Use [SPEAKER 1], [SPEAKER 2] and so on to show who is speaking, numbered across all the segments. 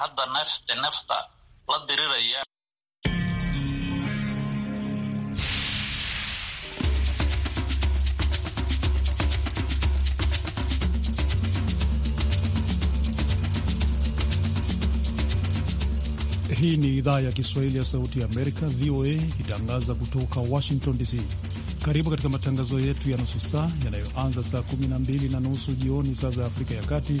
[SPEAKER 1] hadda nafta nafta la diriraya.
[SPEAKER 2] Hii ni idhaa ya Kiswahili ya Sauti ya Amerika, VOA, ikitangaza kutoka Washington DC. Karibu katika matangazo yetu ya nusu saa yanayoanza saa 12 na nusu jioni saa za Afrika ya Kati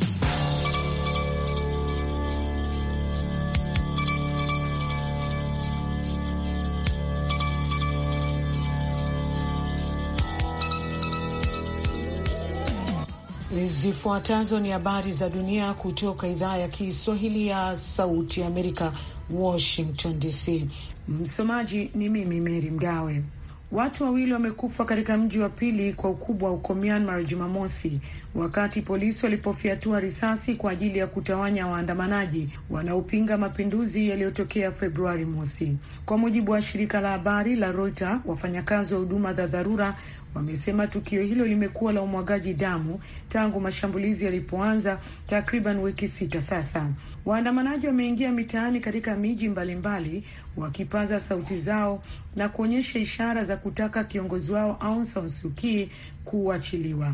[SPEAKER 3] Zifuatazo ni habari za dunia kutoka idhaa ya Kiswahili ya Sauti ya Amerika, Washington DC. Msomaji ni mimi Meri Mgawe. Watu wawili wamekufa katika mji wa pili kwa ukubwa huko Myanmar Jumamosi, wakati polisi walipofyatua risasi kwa ajili ya kutawanya waandamanaji wanaopinga mapinduzi yaliyotokea Februari mosi, kwa mujibu wa shirika la habari la Reuters. Wafanyakazi wa huduma za dharura wamesema tukio hilo limekuwa la umwagaji damu tangu mashambulizi yalipoanza takriban wiki sita sasa. Waandamanaji wameingia mitaani katika miji mbalimbali wakipaza sauti zao na kuonyesha ishara za kutaka kiongozi wao Aung San Suu Kyi kuachiliwa.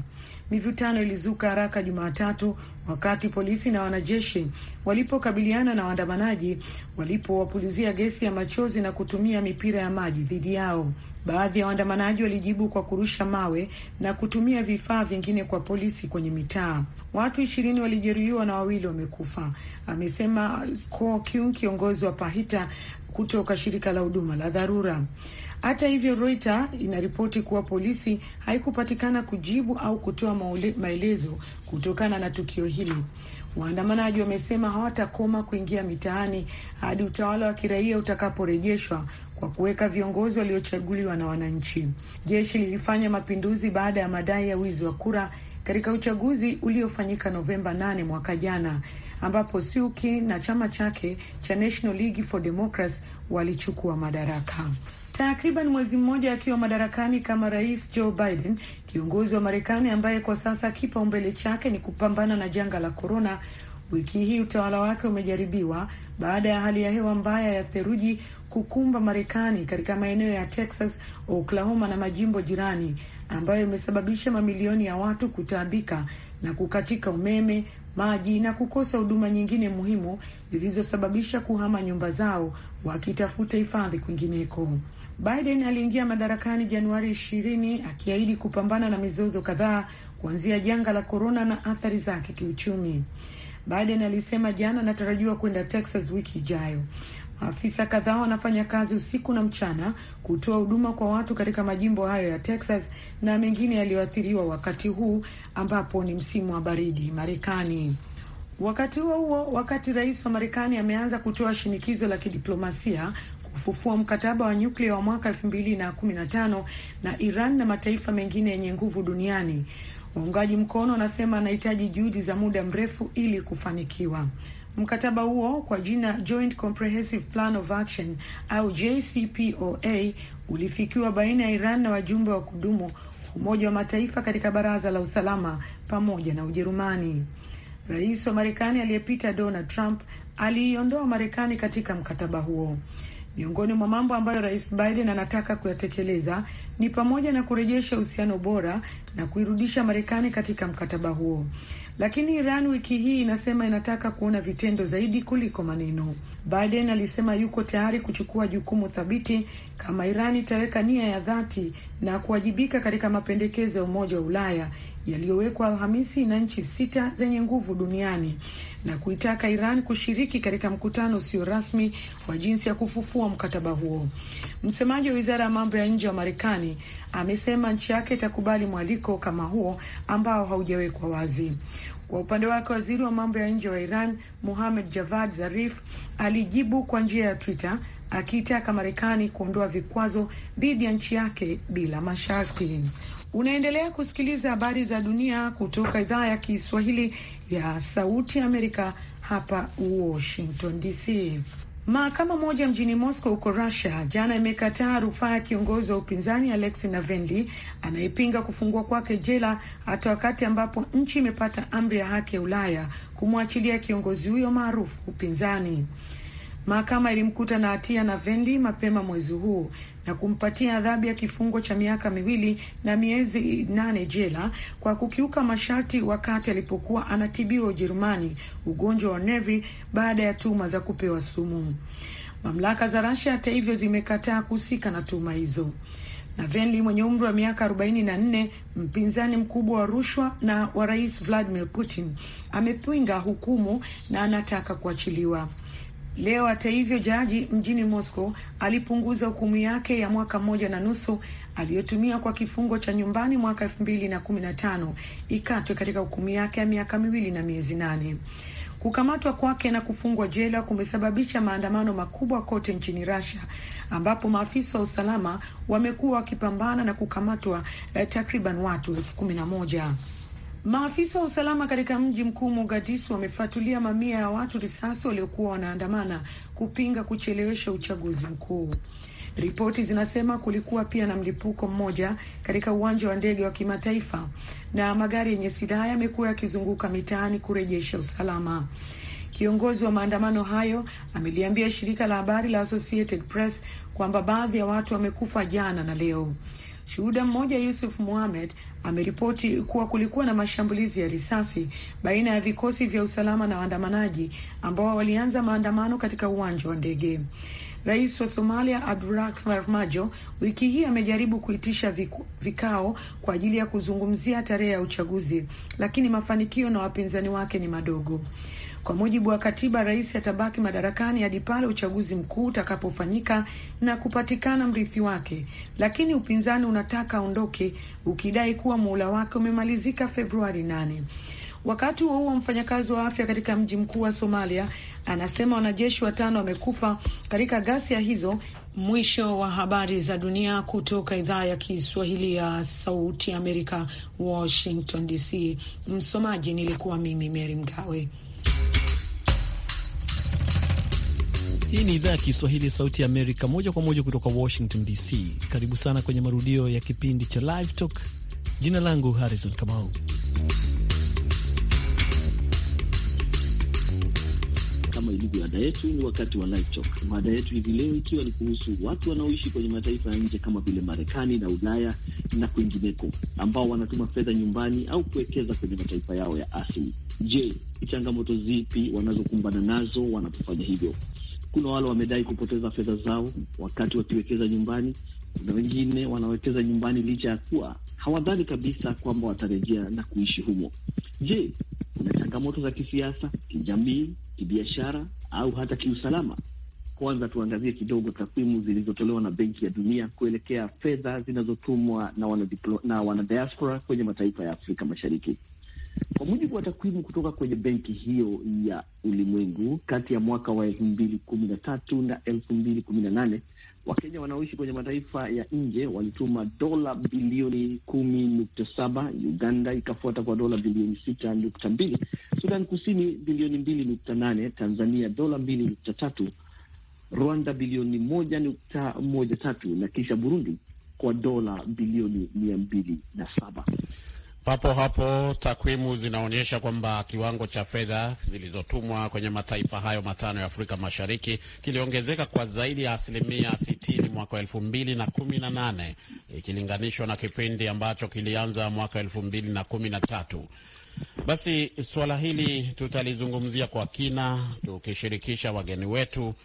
[SPEAKER 3] Mivutano ilizuka haraka Jumatatu wakati polisi na wanajeshi walipokabiliana na waandamanaji walipowapulizia gesi ya machozi na kutumia mipira ya maji dhidi yao. Baadhi ya waandamanaji walijibu kwa kurusha mawe na kutumia vifaa vingine kwa polisi kwenye mitaa. Watu ishirini walijeruhiwa na wawili wamekufa, amesema Ko Kyung, kiongozi wa Pahita kutoka shirika la huduma la dharura. Hata hivyo, Reuters inaripoti kuwa polisi haikupatikana kujibu au kutoa maelezo kutokana na tukio hili. Waandamanaji wamesema hawatakoma kuingia mitaani hadi utawala wa kiraia utakaporejeshwa kwa kuweka viongozi waliochaguliwa na wananchi. Jeshi lilifanya mapinduzi baada ya madai ya wizi wa kura katika uchaguzi uliofanyika Novemba 8 mwaka jana, ambapo suki na chama chake cha National League for Democracy walichukua madaraka. Takriban mwezi mmoja akiwa madarakani kama rais Joe Biden, kiongozi wa Marekani ambaye kwa sasa kipaumbele chake ni kupambana na janga la korona, wiki hii utawala wake umejaribiwa baada ya hali ya hewa mbaya ya theluji kukumba Marekani katika maeneo ya Texas, Oklahoma na majimbo jirani, ambayo imesababisha mamilioni ya watu kutaabika na kukatika umeme, maji na kukosa huduma nyingine muhimu zilizosababisha kuhama nyumba zao wakitafuta hifadhi kwingineko. Biden aliingia madarakani Januari ishirini akiahidi kupambana na mizozo kadhaa kuanzia janga la korona na athari zake kiuchumi. Biden alisema jana anatarajiwa kwenda Texas wiki ijayo. Maafisa kadhaa wanafanya kazi usiku na mchana kutoa huduma kwa watu katika majimbo hayo ya Texas na mengine yaliyoathiriwa wakati huu ambapo ni msimu wa baridi Marekani. Wakati huo huo, wakati rais wa Marekani ameanza kutoa shinikizo la kidiplomasia kufufua mkataba wa nyuklia wa mwaka elfu mbili na kumi na tano na Iran na mataifa mengine yenye nguvu duniani, waungaji mkono anasema anahitaji juhudi za muda mrefu ili kufanikiwa. Mkataba huo kwa jina Joint Comprehensive Plan of Action au JCPOA ulifikiwa baina ya Iran na wajumbe wa kudumu Umoja wa Mataifa katika Baraza la Usalama pamoja na Ujerumani. Rais wa Marekani aliyepita Donald Trump aliiondoa Marekani katika mkataba huo. Miongoni mwa mambo ambayo Rais Biden anataka kuyatekeleza ni pamoja na kurejesha uhusiano bora na kuirudisha Marekani katika mkataba huo lakini Iran wiki hii inasema inataka kuona vitendo zaidi kuliko maneno. Biden alisema yuko tayari kuchukua jukumu thabiti kama Iran itaweka nia ya dhati na kuwajibika katika mapendekezo ya Umoja wa Ulaya yaliyowekwa Alhamisi na nchi sita zenye nguvu duniani na kuitaka Iran kushiriki katika mkutano usio rasmi wa jinsi ya kufufua mkataba huo. Msemaji wa wizara ya mambo ya nje wa Marekani amesema nchi yake itakubali mwaliko kama huo ambao haujawekwa wazi. Kwa upande wake waziri wa mambo ya nje wa Iran Muhamed Javad Zarif alijibu kwa njia ya Twitter akiitaka Marekani kuondoa vikwazo dhidi ya nchi yake bila masharti. Unaendelea kusikiliza habari za dunia kutoka idhaa ya Kiswahili ya Sauti Amerika hapa Washington DC. Mahakama moja mjini Moscow huko Russia jana imekataa rufaa ya kiongozi wa upinzani Alexei Navalny anayepinga kufungua kwake jela hata wakati ambapo nchi imepata amri ya haki ya Ulaya kumwachilia kiongozi huyo maarufu upinzani. Mahakama ilimkuta na hatia na Vendi mapema mwezi huu na kumpatia adhabu ya kifungo cha miaka miwili na miezi nane jela kwa kukiuka masharti wakati alipokuwa anatibiwa Ujerumani ugonjwa wa nevi baada ya tuma za kupewa sumu. Mamlaka za Russia hata hivyo zimekataa kuhusika na tuma hizo. Navalny mwenye umri wa miaka 44, mpinzani mkubwa wa rushwa na wa Rais Vladimir Putin, amepinga hukumu na anataka kuachiliwa. Leo hata hivyo, jaji mjini Moscow alipunguza hukumu yake ya mwaka mmoja na nusu aliyotumia kwa kifungo cha nyumbani mwaka elfu mbili na kumi na tano ikatwe katika hukumu yake ya miaka miwili na miezi nane. Kukamatwa kwake na kufungwa jela kumesababisha maandamano makubwa kote nchini Russia ambapo maafisa wa usalama wamekuwa wakipambana na kukamatwa eh, takriban watu elfu kumi na moja. Maafisa wa usalama katika mji mkuu Mogadishu wamefatulia mamia ya watu risasi waliokuwa wanaandamana kupinga kuchelewesha uchaguzi mkuu. Ripoti zinasema kulikuwa pia na mlipuko mmoja katika uwanja wa ndege wa kimataifa na magari yenye silaha yamekuwa yakizunguka mitaani kurejesha usalama. Kiongozi wa maandamano hayo ameliambia shirika la habari la Associated Press kwamba baadhi ya watu wamekufa jana na leo. Shuhuda mmoja Yusuf Muhamed ameripoti kuwa kulikuwa na mashambulizi ya risasi baina ya vikosi vya usalama na waandamanaji ambao walianza maandamano katika uwanja wa ndege. Rais wa Somalia abdurak Farmajo wiki hii amejaribu kuitisha vikao kwa ajili ya kuzungumzia tarehe ya uchaguzi, lakini mafanikio na wapinzani wake ni madogo. Kwa mujibu wa katiba, rais atabaki madarakani hadi pale uchaguzi mkuu utakapofanyika na kupatikana mrithi wake, lakini upinzani unataka aondoke ukidai kuwa muhula wake umemalizika Februari nane. Wakati huo huo, mfanyakazi wa afya katika mji mkuu wa Somalia anasema wanajeshi watano wamekufa katika ghasia hizo. Mwisho wa habari za dunia kutoka idhaa ya Kiswahili ya Sauti Amerika, Washington DC. Msomaji nilikuwa mimi Meri Mgawe.
[SPEAKER 4] Hii ni idhaa ya Kiswahili ya Sauti ya Amerika, moja kwa moja kutoka Washington DC. Karibu sana kwenye marudio ya kipindi cha Live Talk. Jina langu Harrison Kamau. Kama ilivyo ada yetu, ni wakati wa Live Talk. Mada yetu hivi leo ikiwa ni kuhusu watu wanaoishi kwenye mataifa ya nje kama vile Marekani na Ulaya na kwingineko, ambao wanatuma fedha nyumbani au kuwekeza kwenye mataifa yao ya asili. Je, ni changamoto zipi wanazokumbana nazo wanapofanya hivyo? kuna wale wamedai kupoteza fedha zao wakati wakiwekeza nyumbani. na wengine wanawekeza nyumbani licha ya kuwa hawadhani kabisa kwamba watarejea na kuishi humo. Je, kuna changamoto za kisiasa, kijamii, kibiashara au hata kiusalama? Kwanza tuangazie kidogo takwimu zilizotolewa na Benki ya Dunia kuelekea fedha zinazotumwa na wanadiaspora kwenye mataifa ya Afrika Mashariki. Kwa mujibu wa takwimu kutoka kwenye benki hiyo ya ulimwengu, kati ya mwaka wa elfu mbili kumi na tatu na elfu mbili kumi na nane Wakenya wanaoishi kwenye mataifa ya nje walituma dola bilioni kumi nukta saba Uganda ikafuata kwa dola bilioni sita nukta mbili Sudan Kusini bilioni mbili nukta nane Tanzania dola mbili nukta tatu Rwanda bilioni moja nukta moja tatu na kisha Burundi kwa dola bilioni mia mbili na saba.
[SPEAKER 1] Papo hapo takwimu zinaonyesha kwamba kiwango cha fedha zilizotumwa kwenye mataifa hayo matano ya Afrika Mashariki kiliongezeka kwa zaidi ya asilimia 60 mwaka wa elfu mbili na kumi na nane ikilinganishwa na kipindi ambacho kilianza mwaka wa elfu mbili na kumi na tatu. Basi suala hili tutalizungumzia kwa kina tukishirikisha wageni wetu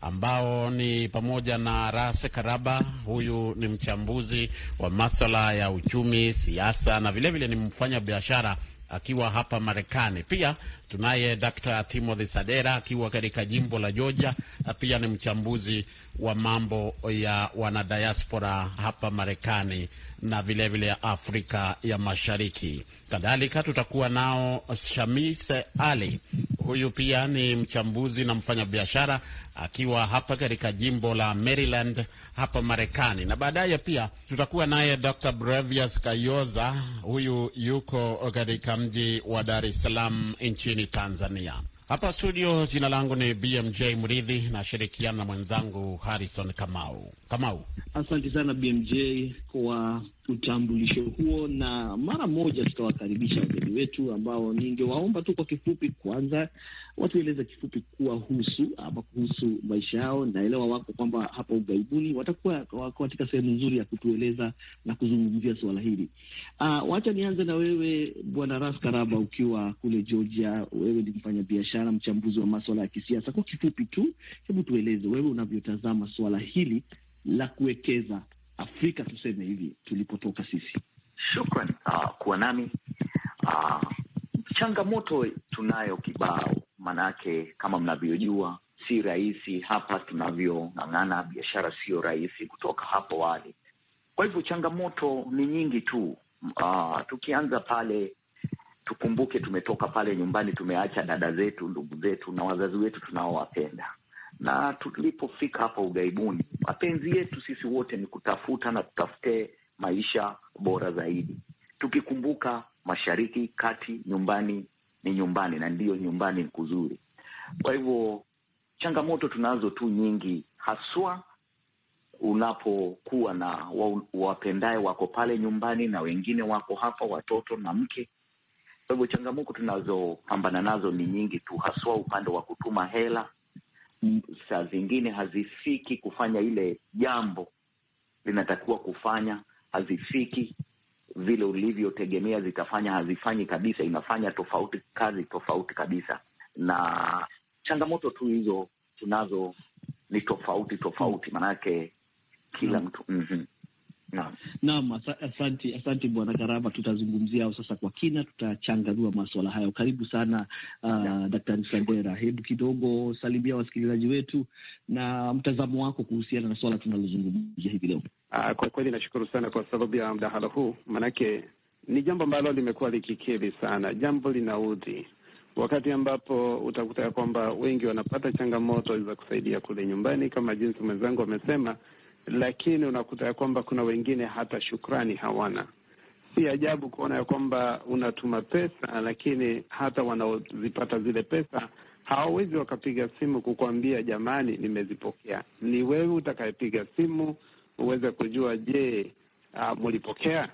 [SPEAKER 1] ambao ni pamoja na Ras Karaba. Huyu ni mchambuzi wa maswala ya uchumi, siasa na vilevile vile ni mfanya biashara akiwa hapa Marekani. Pia tunaye Dr. Timothy Sadera akiwa katika jimbo la Georgia, pia ni mchambuzi wa mambo ya wanadiaspora hapa Marekani na vilevile vile Afrika ya Mashariki. Kadhalika tutakuwa nao Shamis Ali, huyu pia ni mchambuzi na mfanyabiashara akiwa hapa katika jimbo la Maryland hapa Marekani, na baadaye pia tutakuwa naye Dr. Brevius Kayoza, huyu yuko katika mji wa Dar es Salaam nchini Tanzania. Hapa studio, jina langu ni BMJ Mridhi, nashirikiana na mwenzangu Harrison Kamau. Kamau,
[SPEAKER 4] asante sana BMJ kwa utambulisho huo, na mara moja tutawakaribisha wageni wetu ambao ningewaomba tu kwa kifupi, kwanza watueleze kifupi kuwahusu ama kuhusu maisha yao. Naelewa wako kwamba hapa ughaibuni, watakuwa wako katika sehemu nzuri ya kutueleza na kuzungumzia suala hili. Uh, wacha nianze na wewe Bwana Ras Karaba, ukiwa kule Georgia. Wewe ni mfanya biashara, mchambuzi wa maswala ya kisiasa. Kwa kifupi tu, hebu tueleze wewe unavyotazama suala hili la kuwekeza Afrika tuseme hivi tulipotoka sisi.
[SPEAKER 5] Shukran uh, kuwa nami uh, changamoto tunayo kibao, maanake kama mnavyojua si rahisi hapa tunavyong'ang'ana, biashara siyo rahisi kutoka hapo wali. Kwa hivyo changamoto ni nyingi tu. Uh, tukianza pale, tukumbuke tumetoka pale nyumbani, tumeacha dada zetu, ndugu zetu na wazazi wetu tunaowapenda na tulipofika hapa ughaibuni, mapenzi yetu sisi wote ni kutafuta na tutafute maisha bora zaidi, tukikumbuka mashariki kati, nyumbani ni nyumbani, na ndiyo nyumbani ni kuzuri. Kwa hivyo changamoto tunazo tu nyingi, haswa unapokuwa na wapendae wako pale nyumbani na wengine wako hapa, watoto na mke. Kwa hivyo changamoto tunazopambana nazo ni nyingi tu, haswa upande wa kutuma hela saa zingine hazifiki kufanya ile jambo linatakiwa kufanya, hazifiki vile ulivyotegemea zitafanya, hazifanyi kabisa, inafanya tofauti, kazi tofauti kabisa. Na changamoto tu hizo tunazo ni tofauti tofauti, maanake kila mm. mtu mm -hmm.
[SPEAKER 4] Naam, asante, asante Bwana Karama. Tutazungumzia hao sasa kwa kina, tutachanganua maswala hayo. Karibu sana uh, Daktari Sandera, hebu kidogo salimia wasikilizaji wetu na mtazamo wako kuhusiana na swala tunalozungumzia hivi leo.
[SPEAKER 6] Uh, kwa kweli nashukuru sana kwa sababu ya mdahalo huu, maanake ni jambo ambalo limekuwa likikeli sana, jambo linaudhi wakati ambapo utakuta ya kwamba wengi wanapata changamoto za kusaidia kule nyumbani, kama jinsi mwenzangu amesema, lakini unakuta ya kwamba kuna wengine hata shukrani hawana. Si ajabu kuona ya kwamba unatuma pesa, lakini hata wanaozipata zile pesa hawawezi wakapiga simu kukuambia jamani, nimezipokea. Ni wewe utakayepiga simu uweze kujua, je, uh, mulipokea?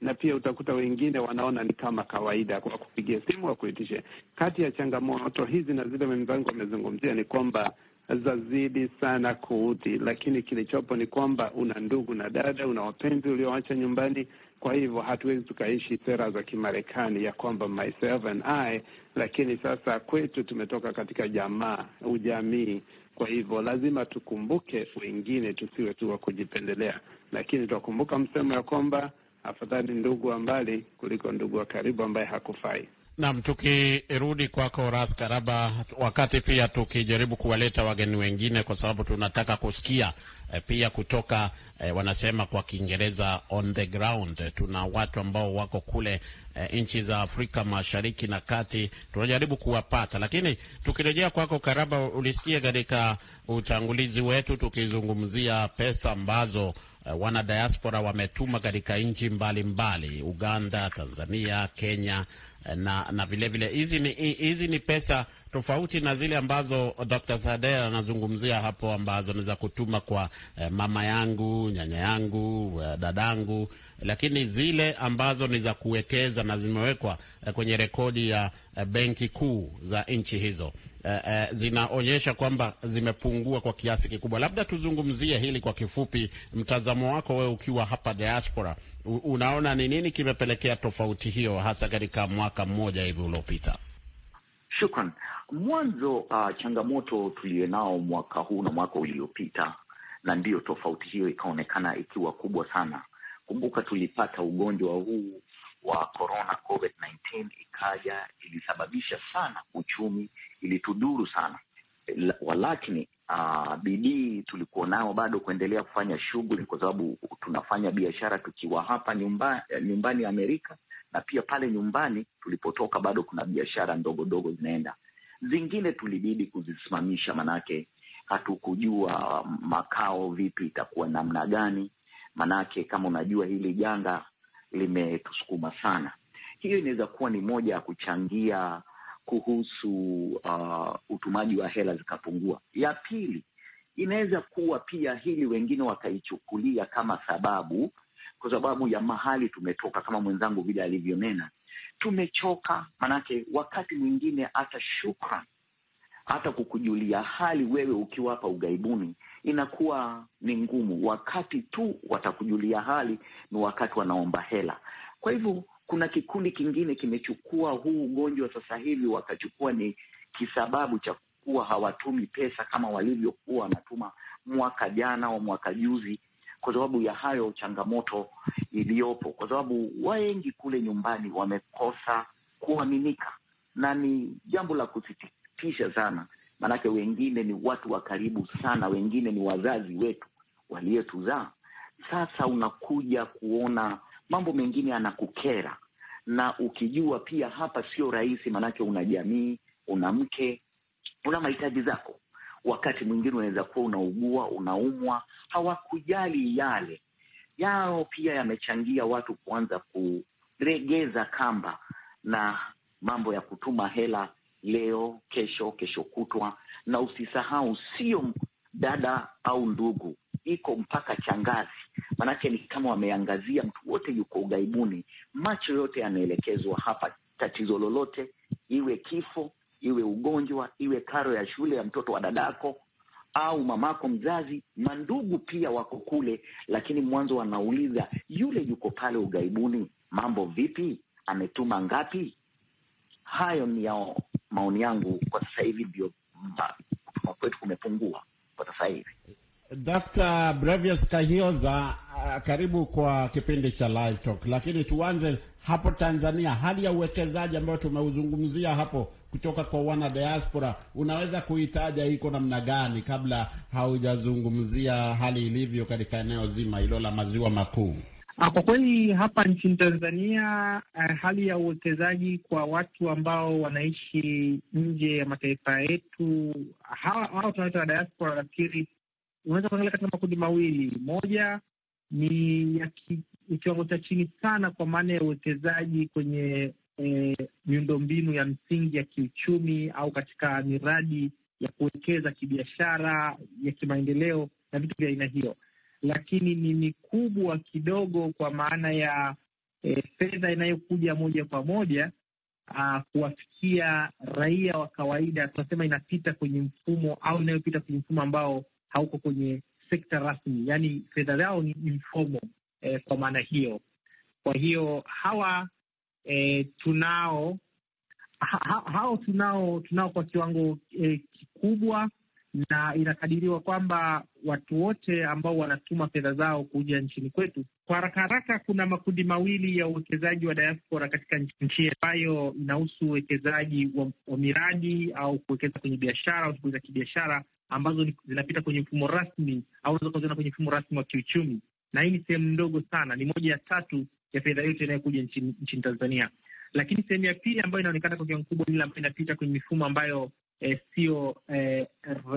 [SPEAKER 6] Na pia utakuta wengine wanaona ni kama kawaida, kwa kupigia simu wakuitishe. Kati ya changamoto hizi na zile wenzangu wamezungumzia ni kwamba zazidi sana kuudhi, lakini kilichopo ni kwamba una ndugu na dada, una wapenzi ulioacha nyumbani. Kwa hivyo hatuwezi tukaishi sera za Kimarekani ya kwamba myself and I, lakini sasa kwetu tumetoka katika jamaa, ujamii. Kwa hivyo lazima tukumbuke wengine, tusiwe tu wa kujipendelea, lakini tutakumbuka msemo ya kwamba afadhali ndugu wa mbali kuliko ndugu wa karibu ambaye hakufai.
[SPEAKER 1] Nam, tukirudi kwako Ras Karaba, wakati pia tukijaribu kuwaleta wageni wengine, kwa sababu tunataka kusikia e, pia kutoka e, wanasema kwa Kiingereza on the ground. Tuna watu ambao wako kule e, nchi za Afrika Mashariki na Kati, tunajaribu kuwapata. Lakini tukirejea kwako Karaba, ulisikia katika utangulizi wetu tukizungumzia pesa ambazo wana diaspora wametuma katika nchi mbalimbali, Uganda, Tanzania, Kenya na na vilevile hizi ni, hizi ni pesa tofauti na zile ambazo Dr. Sadea anazungumzia hapo ambazo ni za kutuma kwa eh, mama yangu, nyanya yangu, eh, dadangu, lakini zile ambazo ni za kuwekeza na zimewekwa eh, kwenye rekodi ya benki kuu za nchi hizo Eh, eh, zinaonyesha kwamba zimepungua kwa kiasi kikubwa. Labda tuzungumzie hili kwa kifupi, mtazamo wako wewe ukiwa hapa diaspora, unaona ni nini kimepelekea tofauti hiyo hasa katika mwaka mmoja hivi uliopita? Shukran.
[SPEAKER 5] Mwanzo uh, changamoto tuliyonao mwaka huu na mwaka uliopita, na ndiyo tofauti hiyo ikaonekana ikiwa kubwa sana. Kumbuka tulipata ugonjwa huu wa corona COVID-19, ikaja ilisababisha sana uchumi ilitudhuru sana. Walakini uh, ah, bidii tulikuwa nao bado kuendelea kufanya shughuli, kwa sababu tunafanya biashara tukiwa hapa nyumba, nyumbani Amerika, na pia pale nyumbani tulipotoka bado kuna biashara ndogo ndogo zinaenda. Zingine tulibidi kuzisimamisha, manake hatukujua um, makao vipi itakuwa namna gani, manake kama unajua hili janga limetusukuma sana. Hiyo inaweza kuwa ni moja ya kuchangia kuhusu uh, utumaji wa hela zikapungua. Ya pili inaweza kuwa pia hili wengine wakaichukulia kama sababu, kwa sababu ya mahali tumetoka, kama mwenzangu vile alivyonena, tumechoka. maanake wakati mwingine hata shukran, hata kukujulia hali wewe ukiwa hapa ughaibuni inakuwa ni ngumu. Wakati tu watakujulia hali ni wakati wanaomba hela. Kwa hivyo kuna kikundi kingine kimechukua huu ugonjwa sasa hivi wakachukua ni kisababu cha kuwa hawatumi pesa kama walivyokuwa wanatuma mwaka jana au mwaka juzi, kwa sababu ya hayo changamoto iliyopo, kwa sababu wengi kule nyumbani wamekosa kuaminika, na ni jambo la kusitikisha sana, maanake wengine ni watu wa karibu sana, wengine ni wazazi wetu waliyetuzaa Sasa unakuja kuona mambo mengine yanakukera, na ukijua pia hapa sio rahisi, maanake una jamii, una mke, una mahitaji zako. Wakati mwingine unaweza kuwa unaugua, unaumwa, hawakujali yale yao. Pia yamechangia watu kuanza kuregeza kamba na mambo ya kutuma hela leo, kesho, kesho kutwa, na usisahau, sio dada au ndugu, iko mpaka changazi maanake ni kama wameangazia mtu wote yuko ughaibuni, macho yote yanaelekezwa hapa. Tatizo lolote iwe kifo, iwe ugonjwa, iwe karo ya shule ya mtoto wa dadako au mamako mzazi, mandugu pia wako kule, lakini mwanzo wanauliza yule yuko pale ughaibuni, mambo vipi, ametuma ngapi? Hayo ni yao maoni yangu kwa sasa hivi, ndio kutuma kwetu kumepungua kwa sasa hivi.
[SPEAKER 1] Dr. Brevius Kahioza, uh, karibu kwa kipindi cha Live Talk, lakini tuanze hapo Tanzania, hali ya uwekezaji ambayo tumeuzungumzia hapo kutoka kwa wana diaspora, unaweza kuitaja iko namna gani, kabla haujazungumzia hali ilivyo katika eneo zima hilo la maziwa makuu?
[SPEAKER 7] Ah, kwa kweli hapa nchini Tanzania eh, hali ya uwekezaji kwa watu ambao wanaishi nje ya mataifa yetu hawa tunaita diaspora, nafikiri unaweza kuangalia katika makundi mawili. Moja ni ya kiwango cha chini sana, kwa maana ya uwekezaji kwenye e, miundombinu ya msingi ya kiuchumi au katika miradi ya kuwekeza kibiashara ya kimaendeleo na vitu vya aina hiyo, lakini ni mikubwa kidogo kwa maana ya e, fedha inayokuja moja kwa moja Uh, kuwafikia raia wa kawaida tunasema inapita kwenye mfumo au inayopita kwenye mfumo ambao hauko kwenye sekta rasmi, yaani fedha zao ni informal eh, kwa maana hiyo. Kwa hiyo hawa eh, tunao ha, hao tunao tunao kwa kiwango eh, kikubwa, na inakadiriwa kwamba watu wote ambao wanatuma fedha zao kuja nchini kwetu kwa haraka haraka, kuna makundi mawili ya uwekezaji wa diaspora katika nchi ambayo inahusu uwekezaji wa, wa miradi au kuwekeza kwenye biashara au shughuli za kibiashara ambazo zinapita kwenye mfumo rasmi au unaweza kuziona kwenye mfumo rasmi wa kiuchumi, na hii ni sehemu ndogo sana, ni moja ya tatu ya fedha yote inayokuja nchini, nchini Tanzania. Lakini sehemu ya pili ambayo inaonekana kwa kiwango kubwa ni ile ambayo inapita kwenye mifumo ambayo eh, sio eh,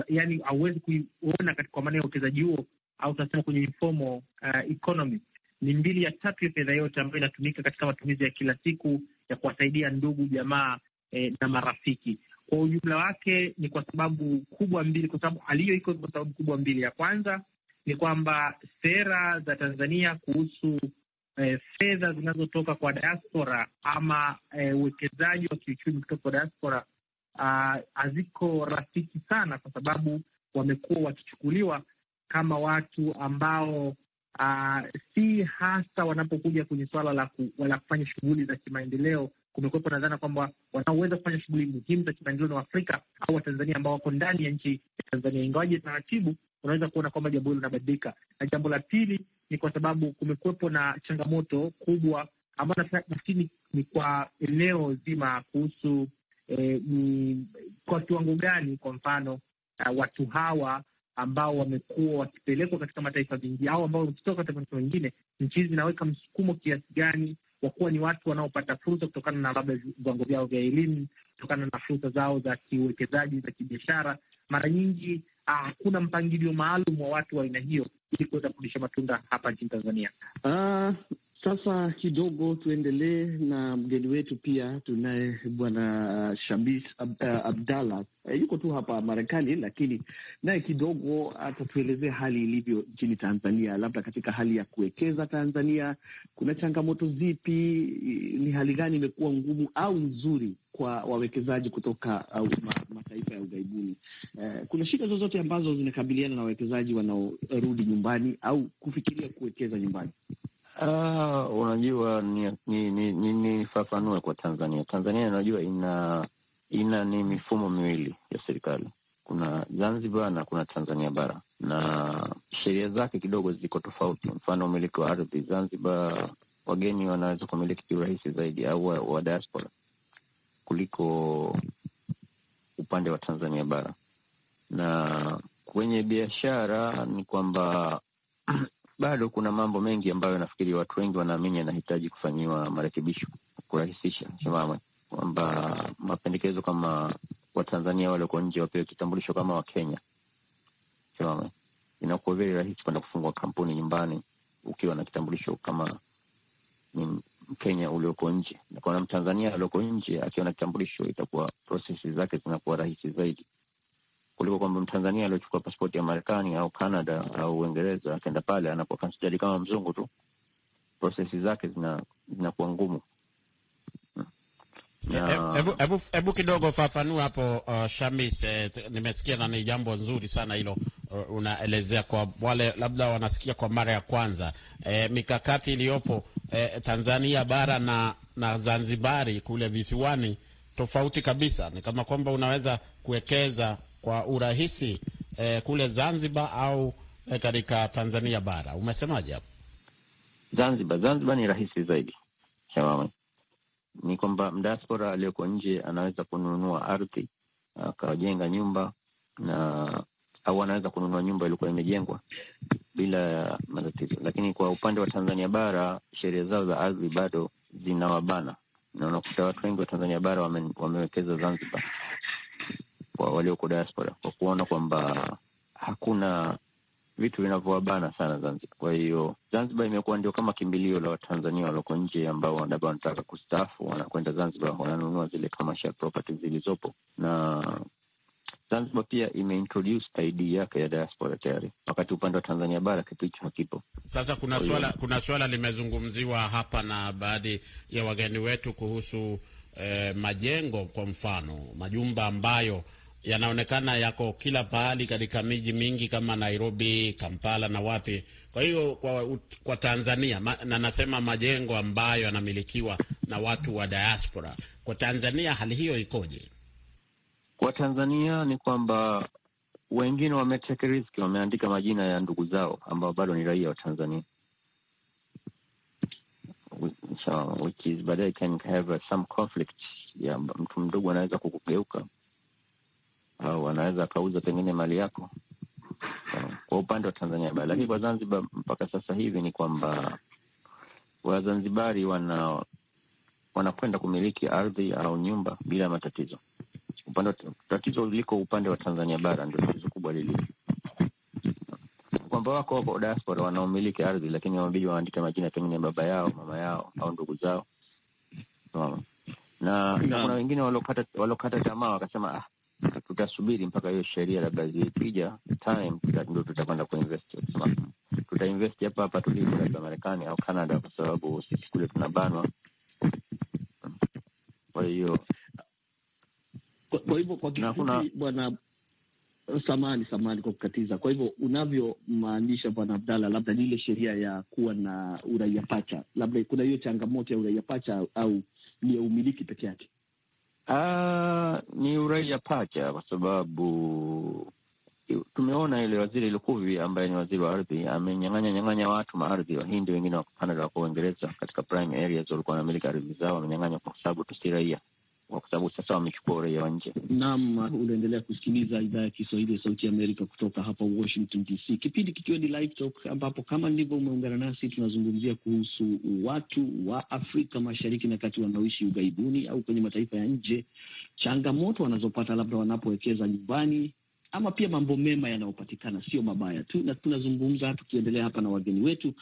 [SPEAKER 7] yani hauwezi kuiona kwa maana ya uwekezaji huo au tunasema kwenye mifumo uh, eh, economy ni mbili ya tatu ya fedha yote ambayo inatumika katika matumizi ya kila siku ya kuwasaidia ndugu, jamaa eh, na marafiki. Kwa ujumla wake ni kwa sababu kubwa mbili, kwa sababu aliyo iko kwa sababu kubwa mbili. Ya kwanza ni kwamba sera za Tanzania kuhusu eh, fedha zinazotoka kwa diaspora ama eh, uwekezaji eh, wa kiuchumi kutoka kwa diaspora ah, haziko uh, rafiki sana, kwa sababu wamekuwa wakichukuliwa kama watu ambao uh, si hasa wanapokuja kwenye suala la ku, kufanya shughuli za kimaendeleo kumekuwepo na dhana kwamba wanaoweza kufanya shughuli muhimu za kimaendeleo na Waafrika au Watanzania ambao wako ndani ya nchi ya Tanzania, ingawaje taratibu unaweza kuona kwamba jambo hilo linabadilika. Na jambo la pili ni kwa sababu kumekuwepo na changamoto kubwa ambayo nafikiri ni kwa eneo zima kuhusu eh, ni kwa kiwango gani, kwa mfano uh, watu hawa ambao wamekuwa wakipelekwa katika mataifa mengine au ambao katika mataifa mengine, nchi hizi zinaweka msukumo kiasi gani kwa kuwa ni watu wanaopata fursa kutokana na labda viwango vyao vya elimu, kutokana na fursa zao za kiuwekezaji, za kibiashara. Mara nyingi ah, hakuna mpangilio maalum wa watu wa aina hiyo ili kuweza kurudisha matunda hapa nchini Tanzania.
[SPEAKER 6] Uh,
[SPEAKER 4] sasa kidogo tuendelee na mgeni wetu pia tunaye Bwana Shabis Ab eh, Abdalla e, yuko tu hapa Marekani, lakini naye kidogo atatuelezea hali ilivyo nchini Tanzania, labda katika hali ya kuwekeza Tanzania kuna changamoto zipi? Ni hali gani imekuwa ngumu au nzuri kwa wawekezaji kutoka au ma, mataifa ya ughaibuni? E, kuna shida zozote ambazo zinakabiliana na wawekezaji wanaorudi nyumbani au kufikiria kuwekeza nyumbani? Ah, unajua
[SPEAKER 8] nifafanue ni, ni, ni kwa Tanzania. Tanzania unajua ina ina ni mifumo miwili ya serikali, kuna Zanzibar na kuna Tanzania bara, na sheria zake kidogo ziko tofauti. Mfano, umiliki wa ardhi Zanzibar, wageni wanaweza kumiliki kiurahisi zaidi, au wa, wa diaspora kuliko upande wa Tanzania bara, na kwenye biashara ni kwamba bado kuna mambo mengi ambayo nafikiri watu wengi wanaamini yanahitaji kufanyiwa marekebisho kurahisisha simame kwamba mapendekezo kama Watanzania walioko nje wapewe kitambulisho kama Wakenya simame, inakuwa vile rahisi kwenda kufungua kampuni nyumbani ukiwa na kitambulisho kama ni Mkenya ulioko nje, na Mtanzania alioko nje akiwa na kitambulisho, itakuwa prosesi zake zinakuwa rahisi zaidi kuliko kwamba Mtanzania aliochukua paspoti ya Marekani au Canada au Uingereza akenda pale kansijali kama mzungu tu, prosesi zake zinakuwa ngumu.
[SPEAKER 1] Eh, eh, hebu kidogo fafanua hapo uh, Shamis. Eh, nimesikia na ni jambo nzuri sana hilo uh, unaelezea kwa wale labda wanasikia kwa mara ya kwanza eh, mikakati iliyopo eh, Tanzania bara na, na Zanzibari kule visiwani tofauti kabisa. Ni kama kwamba unaweza kuwekeza kwa urahisi eh, kule Zanzibar au eh, katika Tanzania bara? Umesemaje hapo?
[SPEAKER 8] Zanzibar, Zanzibar ni rahisi zaidi. Shawama ni kwamba mdiaspora aliyoko nje anaweza kununua ardhi akajenga nyumba na au anaweza kununua nyumba iliyokuwa imejengwa bila matatizo, lakini kwa upande wa Tanzania bara sheria zao za ardhi bado zinawabana, na unakuta watu wengi wa Tanzania bara wame, wamewekeza Zanzibar kwa walioko diaspora kwa kuona kwamba hakuna vitu vinavyowabana sana Zanzibar. Kwa hiyo Zanzibar imekuwa ndio kama kimbilio la Watanzania walioko nje ambao labda wanataka kustaafu, wanakwenda Zanzibar, wananunua zile commercial properties zilizopo. Na Zanzibar pia imeintroduce ID yake ya diaspora tayari, wakati upande wa Tanzania bara kitu hicho hakipo.
[SPEAKER 1] Sasa kuna swala, kuna swala limezungumziwa hapa na baadhi ya wageni wetu kuhusu eh, majengo, kwa mfano majumba ambayo yanaonekana yako kila pahali katika miji mingi kama Nairobi, Kampala na wapi. Kwa hiyo kwa, kwa Tanzania ma, na nasema majengo ambayo yanamilikiwa na watu wa diaspora kwa Tanzania, hali hiyo ikoje?
[SPEAKER 8] Kwa Tanzania ni kwamba wengine wameteke riski, wameandika majina ya ndugu zao ambao bado ni raia wa Tanzania. So, which is baadaye can have some conflict Yeah, mtu mdogo anaweza kukugeuka au anaweza akauza pengine mali yako kwa upande wa Tanzania bara. Lakini kwa Zanzibar mpaka sasa hivi ni kwamba Wazanzibari wana wanakwenda kumiliki ardhi au nyumba bila matatizo. Upande tatizo liko upande wa Tanzania bara, ndio tatizo kubwa lililo kwamba wako wako diaspora wanaomiliki ardhi, lakini wamebidi waandike majina pengine baba yao, mama yao au ndugu zao, na, kuna wengine waliokata tamaa wakasema, ah, tutasubiri mpaka hiyo sheria labda zikija time, ndio tutakwenda kuinvest. Tutainvest hapa hapa tulipo, labda Marekani au Canada, kwa sababu sisi kule tunabanwa. Kwa
[SPEAKER 4] hiyo kwa hivyo kwa kifupi, bwana samani samani kwa kukatiza. Kwa hivyo unavyomaanisha bwana Abdalla, labda ni ile sheria ya kuwa na uraia pacha, labda kuna hiyo changamoto ya uraia pacha au ni ya umiliki peke yake?
[SPEAKER 8] Aa, ah, ni uraia pacha kwa sababu tumeona ile waziri Lukuvi ambaye ni waziri wa ardhi amenyang'anya nyang'anya watu maardhi, Wahindi wengine wa Canada, wako Uingereza, katika prime areas walikuwa wanamiliki ardhi zao, wamenyang'anya kwa sababu tu si raia kwa sababu sasa wamechukua uraia wa nje.
[SPEAKER 2] Naam,
[SPEAKER 4] unaendelea kusikiliza idhaa ya Kiswahili ya Sauti ya Amerika kutoka hapa Washington DC, kipindi kikiwa ni Live Talk, ambapo kama ndivyo umeungana nasi, tunazungumzia kuhusu watu wa Afrika Mashariki na Kati wanaoishi ughaibuni au kwenye mataifa ya nje, changamoto wanazopata labda wanapowekeza nyumbani ama pia mambo mema yanayopatikana, sio mabaya tu, na tunazungumza tukiendelea hapa na wageni wetu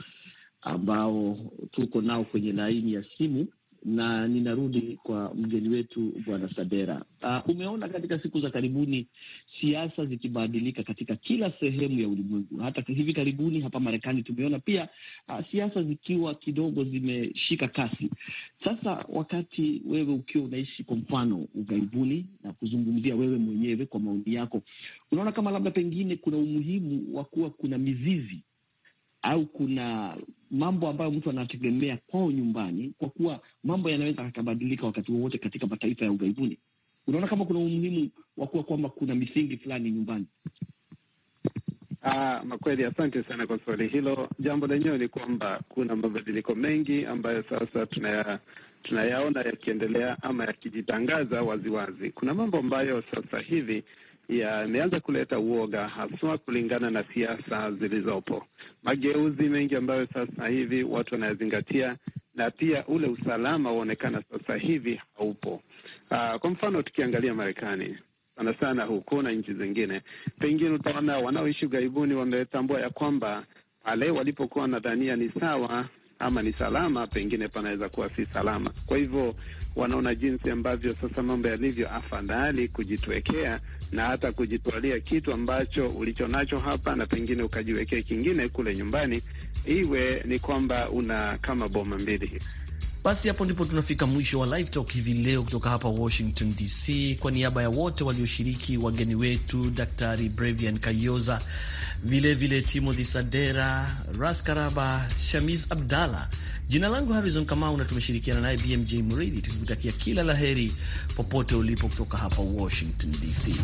[SPEAKER 4] ambao tuko nao kwenye laini ya simu na ninarudi kwa mgeni wetu bwana Sadera. Uh, umeona katika siku za karibuni siasa zikibadilika katika kila sehemu ya ulimwengu. Hata hivi karibuni hapa Marekani tumeona pia uh, siasa zikiwa kidogo zimeshika kasi. Sasa wakati wewe ukiwa unaishi kwa mfano ughaibuni na kuzungumzia wewe mwenyewe kwa maoni yako, unaona kama labda pengine kuna umuhimu wa kuwa kuna mizizi au kuna mambo ambayo mtu anategemea kwao nyumbani, kwa kuwa mambo yanaweza yakabadilika wakati wowote katika mataifa ya ughaibuni. Unaona kama kuna umuhimu wa kuwa kwamba kuna misingi fulani nyumbani.
[SPEAKER 6] Ah, makweli, asante sana kwa swali hilo. Jambo lenyewe ni kwamba kuna mabadiliko mengi ambayo sasa tunaya tunayaona yakiendelea ama yakijitangaza waziwazi. Kuna mambo ambayo sasa hivi yameanza kuleta uoga, haswa kulingana na siasa zilizopo, mageuzi mengi ambayo sasa hivi watu wanayazingatia, na pia ule usalama waonekana sasa hivi haupo. Aa, ah, kwa mfano tukiangalia Marekani sana sana huko na nchi zingine, pengine utaona wanaoishi ughaibuni wametambua ya kwamba pale walipokuwa nadhania ni sawa ama ni salama, pengine panaweza kuwa si salama. Kwa hivyo wanaona jinsi ambavyo sasa mambo yalivyo, afadhali kujitwekea na hata kujitwalia kitu ambacho ulichonacho hapa na pengine ukajiwekea kingine kule nyumbani, iwe ni kwamba una kama boma mbili hii
[SPEAKER 4] Basi hapo ndipo tunafika mwisho wa Live Talk hivi leo kutoka hapa Washington DC. Kwa niaba ya wote walioshiriki, wageni wetu Daktari Brevian Kayoza vilevile Timothy Sadera, Ras Karaba, shamis Abdallah. Jina langu Harrison Kamau na tumeshirikiana naye BMJ Mridhi, tukikutakia kila la heri popote ulipo kutoka hapa Washington DC.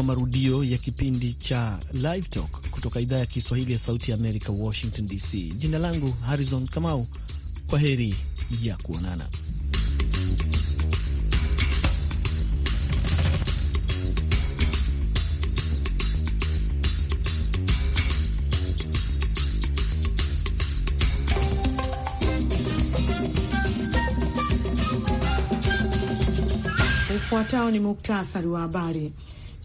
[SPEAKER 4] wa marudio ya kipindi cha Live Talk kutoka idhaa ya Kiswahili ya Sauti ya Amerika, Washington DC. Jina langu Harrison Kamau, kwa heri ya kuonana.
[SPEAKER 3] Ufuatao ni muktasari wa habari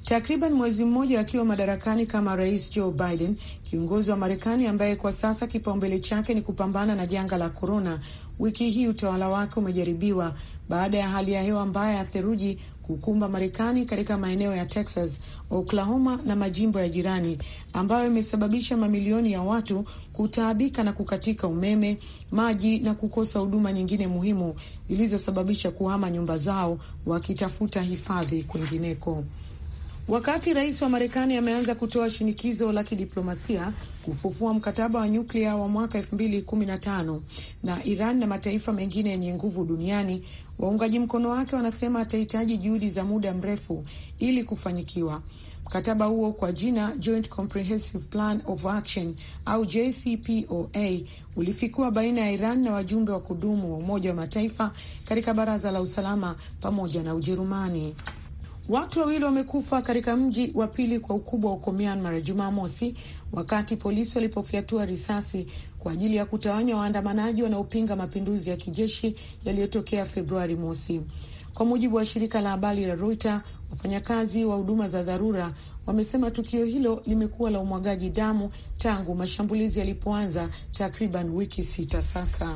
[SPEAKER 3] takriban mwezi mmoja akiwa madarakani kama rais Joe Biden, kiongozi wa Marekani ambaye kwa sasa kipaumbele chake ni kupambana na janga la korona. Wiki hii utawala wake umejaribiwa baada ya hali ya hewa mbaya ya theluji kukumba Marekani katika maeneo ya Texas, Oklahoma na majimbo ya jirani, ambayo imesababisha mamilioni ya watu kutaabika na kukatika umeme, maji na kukosa huduma nyingine muhimu zilizosababisha kuhama nyumba zao wakitafuta hifadhi kwingineko. Wakati rais wa Marekani ameanza kutoa shinikizo la kidiplomasia kufufua mkataba wa nyuklia wa mwaka 2015 na Iran na mataifa mengine yenye nguvu duniani, waungaji mkono wake wanasema atahitaji juhudi za muda mrefu ili kufanyikiwa. Mkataba huo kwa jina Joint Comprehensive Plan of Action au JCPOA ulifikiwa baina ya Iran na wajumbe wa kudumu wa Umoja wa Mataifa katika Baraza la Usalama pamoja na Ujerumani. Watu wawili wamekufa katika mji wa pili kwa ukubwa huko Myanmar Jumamosi, wakati polisi walipofyatua risasi kwa ajili ya kutawanya waandamanaji wanaopinga mapinduzi ya kijeshi yaliyotokea Februari mosi. Kwa mujibu wa shirika la habari la Reuters, wafanyakazi wa huduma za dharura wamesema tukio hilo limekuwa la umwagaji damu tangu mashambulizi yalipoanza takriban wiki sita sasa.